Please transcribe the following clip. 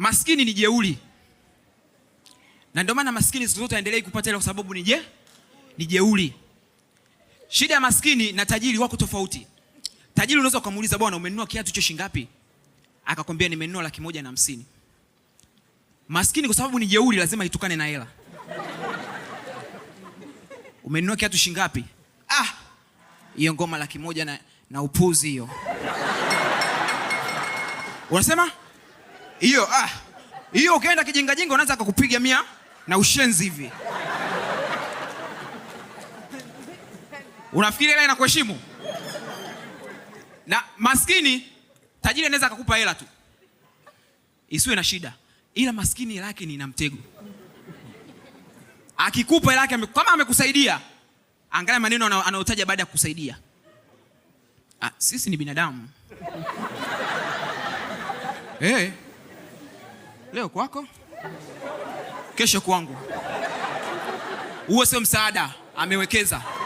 Maskini ni jeuri, na ndio maana maskini siku zote aendelee kupata hela kwa sababu ni je, ni jeuri. Shida ya maskini na tajiri wako tofauti. Tajiri unaweza kumuuliza bwana, umenunua kiatu cha shilingi ngapi? Akakwambia nimenunua laki moja na hamsini. Maskini kwa sababu ni jeuri, lazima itukane na hela. Umenunua kiatu shilingi ngapi? Ah, hiyo ngoma laki moja na, na upuzi hiyo. Unasema hiyo ah, hiyo ukienda kijingajinga unaanza kukupiga mia na ushenzi hivi. Unafikiri hela inakuheshimu? Na maskini tajiri anaweza akakupa hela tu isiwe na shida, ila maskini hela yake ni na mtego. Akikupa hela yake kama amekusaidia, angalia maneno anayotaja baada ya kukusaidia. Ah, sisi ni binadamu. Eh. Hey leo kwako, kesho kwangu. Uwe sio msaada, amewekeza.